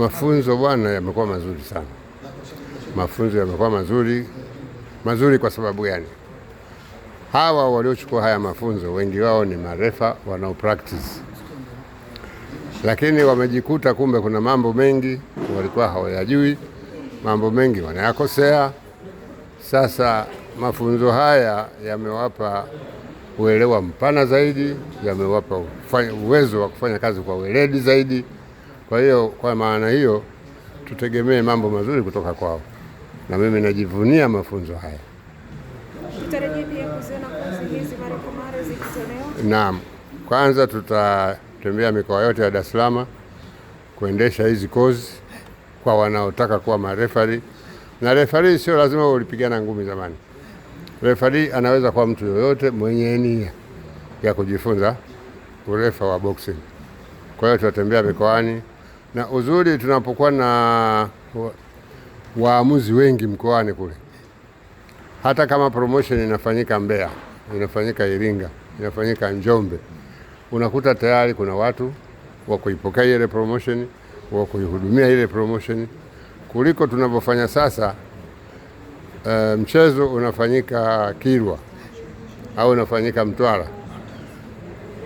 Mafunzo bwana, yamekuwa mazuri sana. Mafunzo yamekuwa mazuri mazuri. Kwa sababu gani? Hawa waliochukua haya mafunzo wengi wao ni marefa wanao practice, lakini wamejikuta kumbe kuna mambo mengi walikuwa hawayajui, mambo mengi wanayakosea. Sasa mafunzo haya yamewapa uelewa mpana zaidi, yamewapa uwezo wa kufanya kazi kwa weledi zaidi. Kwa hiyo kwa maana hiyo tutegemee mambo mazuri kutoka kwao, na mimi najivunia mafunzo haya. Naam, kwanza tutatembea mikoa yote ya Dar es Salaam kuendesha hizi kozi kwa wanaotaka kuwa marefari. Na refari sio lazima ulipigana ngumi zamani. Refari anaweza kuwa mtu yoyote mwenye nia ya kujifunza urefa wa boxing. Kwa hiyo tutatembea mikoani na uzuri tunapokuwa na waamuzi wengi mkoani kule, hata kama promotion inafanyika Mbeya, inafanyika Iringa, inafanyika Njombe, unakuta tayari kuna watu wa kuipokea ile promotion, wa kuihudumia ile promotion kuliko tunavyofanya sasa. Uh, mchezo unafanyika Kilwa au unafanyika Mtwara,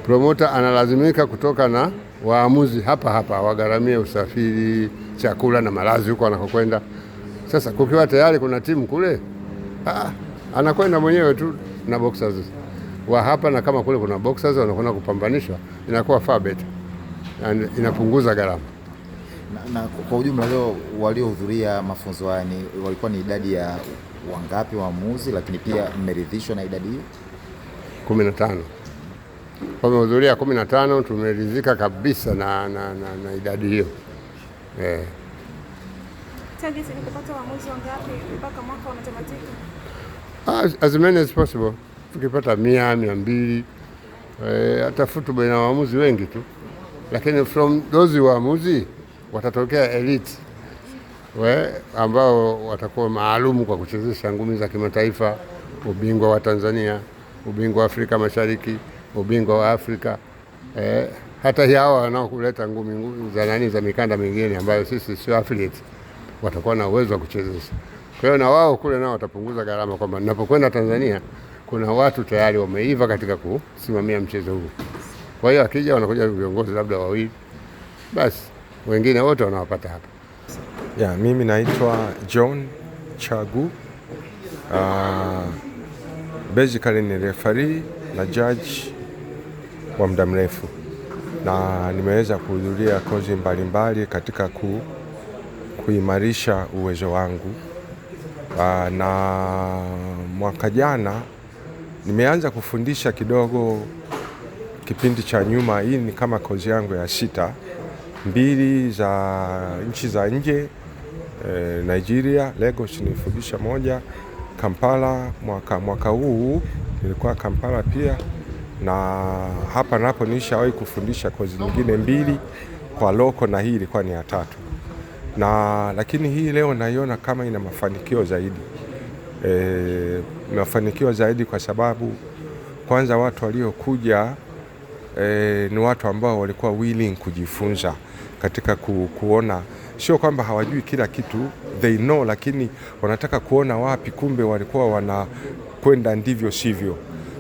promota analazimika kutoka na waamuzi hapa hapa wagharamie usafiri, chakula na malazi huko wanakokwenda. Sasa kukiwa tayari kuna timu kule, ah, anakwenda mwenyewe tu na boxers wa hapa, na kama kule kuna boxers wanakwenda kupambanishwa, inakuwa far better, inapunguza gharama. Na, na kwa ujumla leo waliohudhuria mafunzo haya ni walikuwa ni idadi ya wangapi waamuzi, lakini pia mmeridhishwa na idadi hiyo? kumi na tano wamehudhuria kumi na tano. Tumeridhika kabisa na, na, na, na idadi hiyo yeah. Eh. As, as many as possible tukipata mia mia mbili eh, hata e, football ina waamuzi wengi tu, lakini from those waamuzi watatokea elite we ambao watakuwa maalumu kwa kuchezesha ngumi za kimataifa, ubingwa wa Tanzania, ubingwa wa Afrika Mashariki ubingwa wa Afrika eh, hata hawa wanaokuleta ngumi, ngumi za nani za mikanda mingine ambayo sisi sio affiliate watakuwa na uwezo wa kuchezesha. Kwa hiyo na wao kule nao watapunguza gharama, kwamba ninapokwenda Tanzania kuna watu tayari wameiva katika kusimamia mchezo huu. Kwa hiyo akija wanakuja viongozi labda wawili, basi wengine wote wanawapata hapa. Yeah, mimi naitwa John Chagu. Uh, basically ni referee na judge wa muda mrefu, na nimeweza kuhudhuria kozi mbalimbali katika ku, kuimarisha uwezo wangu aa, na mwaka jana nimeanza kufundisha kidogo kipindi cha nyuma. Hii ni kama kozi yangu ya sita, mbili za nchi za nje e, Nigeria Lagos nilifundisha moja, Kampala mwaka, mwaka huu nilikuwa Kampala pia na hapa napo nishawahi kufundisha kozi nyingine mbili kwa loko, na hii ilikuwa ni ya tatu na lakini hii leo naiona kama ina mafanikio zaidi. E, mafanikio zaidi kwa sababu kwanza watu waliokuja e, ni watu ambao walikuwa willing kujifunza katika ku, kuona sio kwamba hawajui kila kitu they know, lakini wanataka kuona wapi kumbe walikuwa wanakwenda ndivyo sivyo.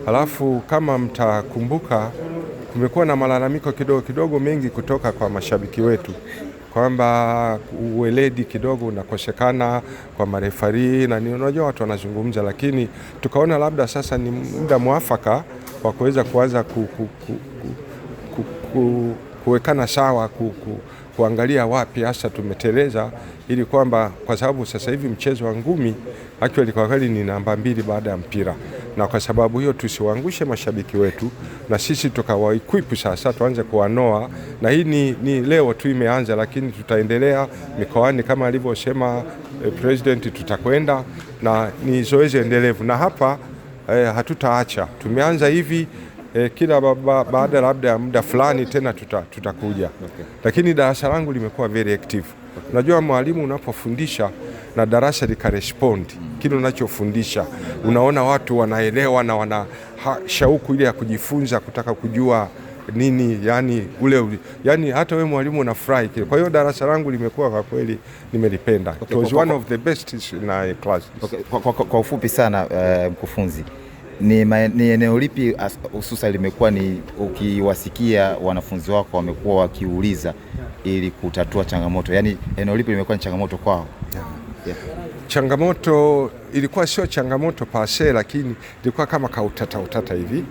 Halafu kama mtakumbuka, kumekuwa na malalamiko kidogo kidogo mengi kutoka kwa mashabiki wetu kwamba uweledi kidogo unakosekana kwa marefari na ni, unajua watu wanazungumza, lakini tukaona labda sasa ni muda mwafaka wa kuweza kuanza ku, ku, ku, ku, ku, kuwekana sawa ku, ku, kuangalia wapi hasa tumeteleza, ili kwamba kwa sababu sasa hivi mchezo wa ngumi actually kwa kweli ni namba mbili baada ya mpira, na kwa sababu hiyo tusiwaangushe mashabiki wetu, na sisi equip sasa, tuanze kuwanoa. Na hii ni, ni leo tu imeanza, lakini tutaendelea mikoani kama alivyosema eh, president, tutakwenda na ni zoezi endelevu, na hapa eh, hatutaacha. Tumeanza hivi e, kila baada labda ya muda fulani tena tuta, tutakuja okay. Lakini darasa langu limekuwa very active okay. Unajua mwalimu unapofundisha na darasa likarespondi kile unachofundisha, unaona watu wanaelewa na wana shauku ile ya kujifunza kutaka kujua nini yani, ule yani hata wewe mwalimu unafurahi kile. Kwa hiyo darasa langu limekuwa kwa kweli nimelipenda. Okay, it was one of the best in my class. Okay, kwa, kwa, kwa ufupi sana eh, mkufunzi uh, ni, ma, ni eneo lipi hususan limekuwa ni ukiwasikia wanafunzi wako wamekuwa wakiuliza ili kutatua changamoto, yaani eneo lipi limekuwa ni changamoto kwao? yeah. yeah. Changamoto ilikuwa sio changamoto pase, lakini ilikuwa kama kautata utata hivi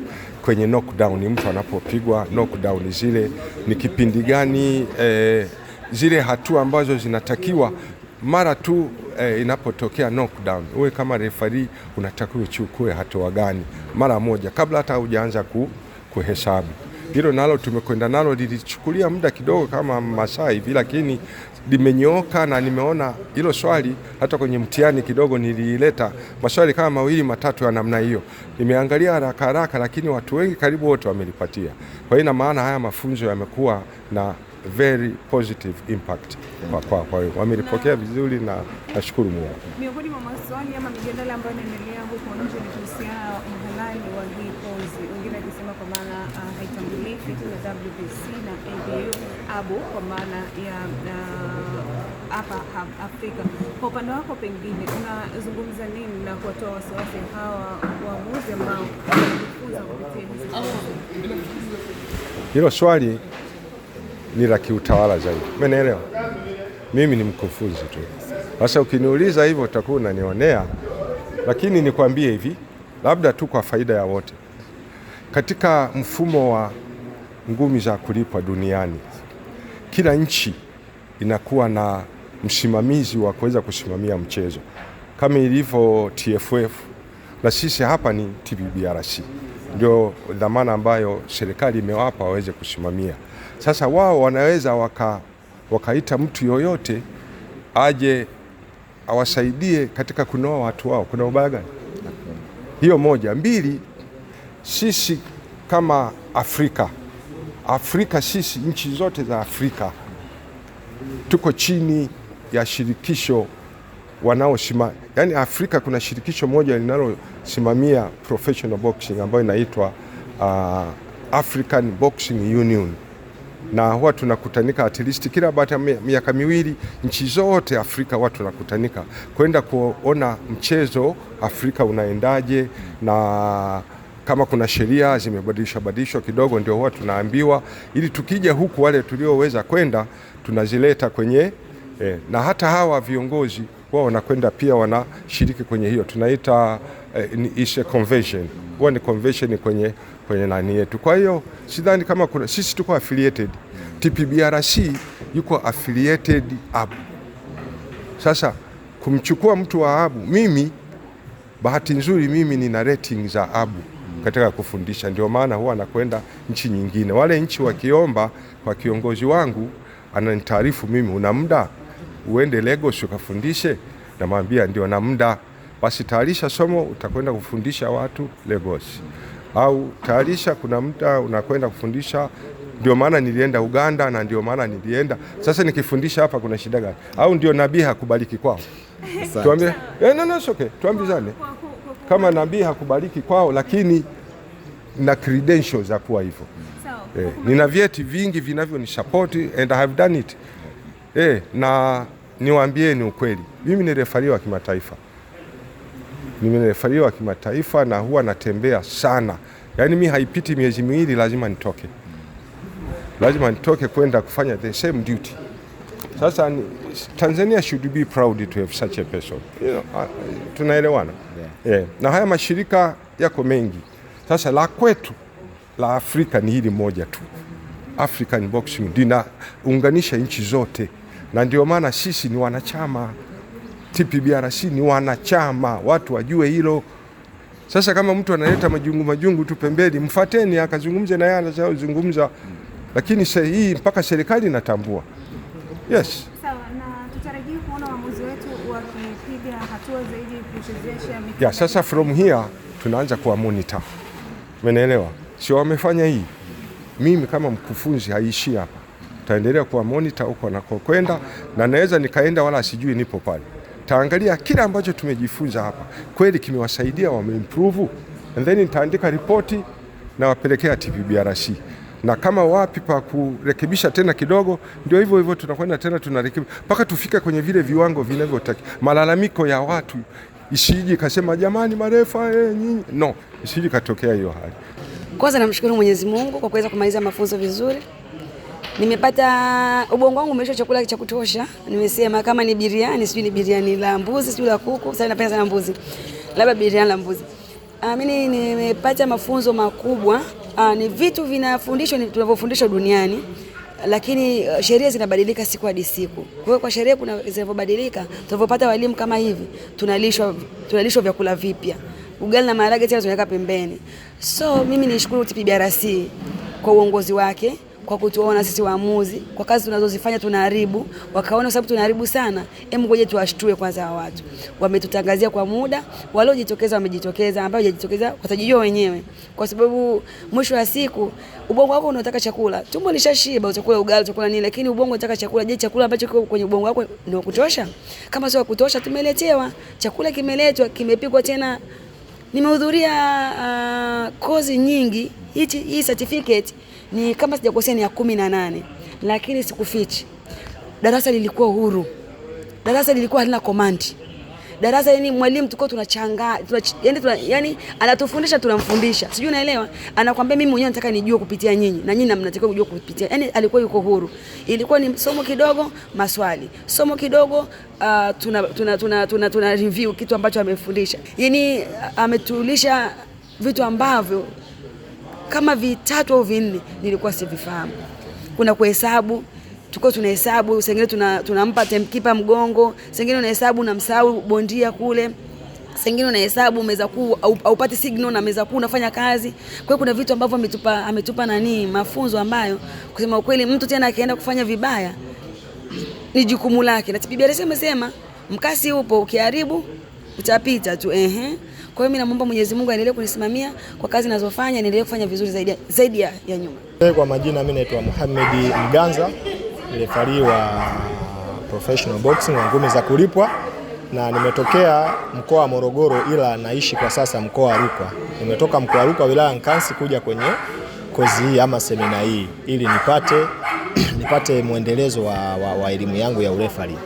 kwenye knockdown, mtu anapopigwa knockdown, zile ni kipindi gani eh, zile hatua ambazo zinatakiwa mara tu eh, inapotokea knockdown, wewe kama refari unatakiwa uchukue hatua gani mara moja kabla hata hujaanza ku, kuhesabu. Hilo nalo tumekwenda nalo, lilichukulia muda kidogo kama masaa hivi, lakini limenyooka na nimeona hilo swali hata kwenye mtihani kidogo nilileta maswali kama mawili matatu ya namna hiyo, nimeangalia haraka haraka, lakini watu wengi karibu wote wamelipatia. Kwa hiyo ina maana haya mafunzo yamekuwa na very positive impact kwa kwa Kwa hiyo wamelipokea vizuri na nashukuru Mungu. Miongoni mwa maswali ama mijadala ambayo inaendelea huko nje ni kuhusiana na uhalali wa hii kozi, wengine wakisema kwa maana uh, haitambuliki na WBC na ABU abu kwa maana ya uh, hapa Afrika. Kwa upande wako, pengine unazungumza nini na kuwatoa wasiwasi hawa waamuzi ambao wanajifunza kupitia oh, hilo swali? ni la kiutawala zaidi. Umenielewa? Mimi ni mkufunzi tu. Sasa ukiniuliza hivyo utakuwa unanionea, lakini nikwambie hivi, labda tu kwa faida ya wote, katika mfumo wa ngumi za kulipwa duniani, kila nchi inakuwa na msimamizi wa kuweza kusimamia mchezo kama ilivyo TFF na sisi hapa ni TPBRC ndio dhamana ambayo serikali imewapa waweze kusimamia. Sasa wao wanaweza waka, wakaita mtu yoyote aje awasaidie katika kunoa watu wao. Kuna ubaya gani? Hiyo moja. Mbili, sisi kama Afrika Afrika sisi nchi zote za Afrika tuko chini ya shirikisho wanaoshima yani, Afrika kuna shirikisho moja linalosimamia professional boxing ambayo inaitwa uh, African Boxing Union, na huwa tunakutanika at least kila baada ya miaka miwili, nchi zote Afrika watu tunakutanika kwenda kuona mchezo Afrika unaendaje na kama kuna sheria zimebadilishwa badilishwa kidogo, ndio huwa tunaambiwa, ili tukija huku wale tulioweza kwenda tunazileta kwenye eh, na hata hawa viongozi wao wanakwenda pia wanashiriki kwenye hiyo tunaita eh, ishe convention, huwa ni convention kwenye, kwenye nani yetu. Kwa hiyo sidhani kama kuna, sisi tuko affiliated TPBRC yuko affiliated abu. Sasa kumchukua mtu wa abu, mimi bahati nzuri mimi nina rating za abu katika kufundisha, ndio maana huwa anakwenda nchi nyingine. Wale nchi wakiomba kwa kiongozi wangu ananitaarifu mimi, una muda uende Lagos ukafundishe? Namwambia ndio, na muda basi, tayarisha somo utakwenda kufundisha watu Lagos, au tayarisha, kuna muda unakwenda kufundisha. Ndio maana nilienda Uganda na ndio maana nilienda sasa, nikifundisha hapa kuna shida gani? Au ndio nabii hakubariki kwao? Tuambie eh, no, no, okay, tuambizane kama nabii hakubariki kwao, lakini na credentials za kuwa hivyo eh, nina vyeti vingi vinavyonisapoti and I have done it eh, na ni ukweli, mimi ni refari wa kimataifa, mimi ni refari wa kimataifa na huwa natembea sana, yaani mi haipiti miezi miwili lazima nitoke, lazima nitoke kwenda kufanya the same duty. Sasa Tanzania should be proud to have such a person you know, uh, tunaelewana yeah. Yeah. Na haya mashirika yako mengi, sasa la kwetu la Afrika ni hili moja tu, African Boxing linaunganisha nchi zote na ndio maana sisi ni wanachama TPBRC, ni wanachama, watu wajue hilo. Sasa kama mtu analeta majungu majungu tu pembeni, mfateni akazungumze na yeye anazungumza, lakini hii mpaka serikali inatambua. Yes. Sawa, na kuona wetu hatua zaidi kuchezesha Ya, sasa from here tunaanza kuwa monitor. Umeelewa? Sio wamefanya hii. Mimi kama mkufunzi haishi hapa taendelea kuwa monitor huko nakokwenda, na naweza nikaenda wala sijui nipo pale, taangalia kile ambacho tumejifunza hapa kweli kimewasaidia wameimprove, and then nitaandika ripoti na wapelekea TPBRC na kama wapi pa kurekebisha tena kidogo, ndio hivyo hivyo, tunakwenda tena tunarekebisha mpaka tufike kwenye vile viwango vinavyotaki. Malalamiko ya watu isiji kasema jamani, marefa eh, nyinyi no, isiji katokea hiyo hali. Kwanza namshukuru Mwenyezi Mungu kwa kuweza kumaliza mafunzo vizuri. Nimepata ubongo wangu umeisha chakula cha kutosha. Nimesema kama ni biriani, sijui ni biriani la mbuzi, sijui la kuku. Sasa napenda sana mbuzi, labda biriani la mbuzi. Ah, mimi nimepata mafunzo makubwa. Ah, ni vitu vinafundishwa, ni tunavyofundishwa duniani lakini ah, sheria zinabadilika siku hadi siku. Kwa hiyo kwa sheria kuna zinavyobadilika, tunavyopata walimu kama hivi, tunalishwa tunalishwa vyakula vipya, ugali na maharage tena tunaweka pembeni. So mimi nishukuru TPBRC kwa uongozi wake kwa kutuona sisi waamuzi, kwa kazi tunazozifanya tunaharibu, wakaona sababu tunaharibu sana. hebu ngoje tuwashtue kwanza. Hawa watu wametutangazia kwa muda, waliojitokeza wamejitokeza, ambao hajajitokeza watajijua wenyewe, kwa sababu mwisho wa siku ubongo wako unataka chakula, tumbo lishashiba, utakula ugali, utakula nini, lakini ubongo unataka chakula. Je, chakula ambacho kiko kwenye ubongo wako ndio kutosha? Kama sio kutosha, tumeletewa chakula, kimeletwa, kimepikwa tena. Nimehudhuria uh, kozi nyingi, hii certificate ni kama sijakosea, ni ya kumi na nane, lakini sikufichi, darasa lilikuwa huru, darasa lilikuwa halina komandi darasa yani, mwalimu tulikuwa tunachanga yani, tuna, yani anatufundisha tunamfundisha, sijui unaelewa. Anakwambia mimi mwenyewe nataka nijue kupitia nyinyi na nyinyi mnatakiwa kujua kupitia. Yani alikuwa yuko huru, ilikuwa ni somo kidogo maswali, somo kidogo uh, ah, tuna, tuna, tuna, tuna, tuna, tuna review kitu ambacho amefundisha, yani ametulisha vitu ambavyo kama vitatu au vinne nilikuwa sivifahamu. Kuna kuhesabu tuko tunahesabu, sengine tunampa tuna temkipa mgongo, sengine unahesabu na msahau bondia kule, sengine unahesabu meza kuu haupati signal na meza kuu unafanya kazi. Kwa hiyo kuna vitu ambavyo ametupa ametupa nani mafunzo ambayo kusema ukweli mtu tena akienda kufanya vibaya ni jukumu lake, na bibi alisema sema mkasi upo, ukiharibu utapita tu ehe. Kwa hiyo mimi namuomba Mwenyezi Mungu aendelee kunisimamia kwa kazi ninazofanya, niendelee kufanya vizuri zaidi, zaidi ya, ya nyuma. Eh, kwa majina mimi naitwa Muhammad Mganza, refari wa professional boxing wa ngumi za kulipwa na nimetokea mkoa wa Morogoro ila naishi kwa sasa mkoa wa Rukwa. Nimetoka mkoa wa Rukwa wilaya Nkasi kuja kwenye kozi hii ama semina hii ili nipate, nipate mwendelezo wa, wa, wa elimu yangu ya urefari.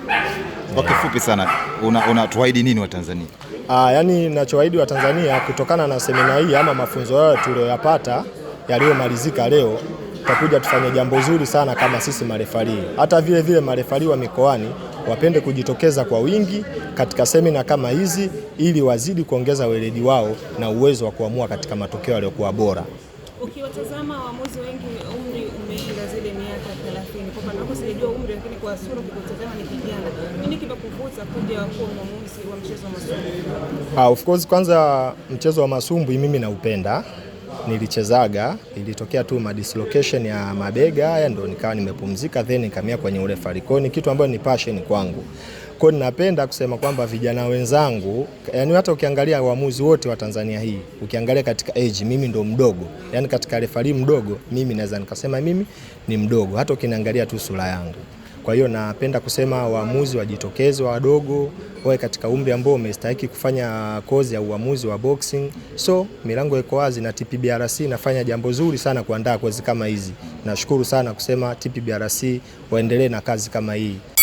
Kwa kifupi sana, una, una nini Watanzania? Ah, yani nachoahidi Watanzania kutokana na semina hii ama mafunzo yao tuliyoyapata yaliyomalizika leo, tutakuja tufanye jambo zuri sana kama sisi marefarii, hata vile vile marefarii wa mikoani wapende kujitokeza kwa wingi katika semina kama hizi ili wazidi kuongeza weledi wao na uwezo wa kuamua katika matokeo yaliyokuwa bora. Ukiwatazama waamuzi wengi kwa sura kukutazama ni kijana, nini kimekuvuta kuja kuwa mwamuzi wa mchezo wa masumbwi? Ah, of course, kwanza mchezo wa masumbwi mimi naupenda nilichezaga ilitokea tu ma dislocation ya mabega haya, ndo nikawa nimepumzika, then nikamia kwenye ule farikoni, kitu ambayo ni passion kwangu. Kwa hiyo ninapenda kusema kwamba vijana wenzangu, yani hata ukiangalia waamuzi wote wa Tanzania hii, ukiangalia katika age, mimi ndo mdogo, yani katika refari mdogo, mimi naweza nikasema mimi ni mdogo, hata ukiniangalia tu sura yangu. Kwa hiyo napenda kusema waamuzi wajitokeze wadogo, wawe katika umri ambao umestahiki kufanya kozi ya uamuzi wa boxing. So milango iko wazi na TPBRC inafanya jambo zuri sana kuandaa kozi kama hizi. Nashukuru sana kusema TPBRC waendelee na kazi kama hii.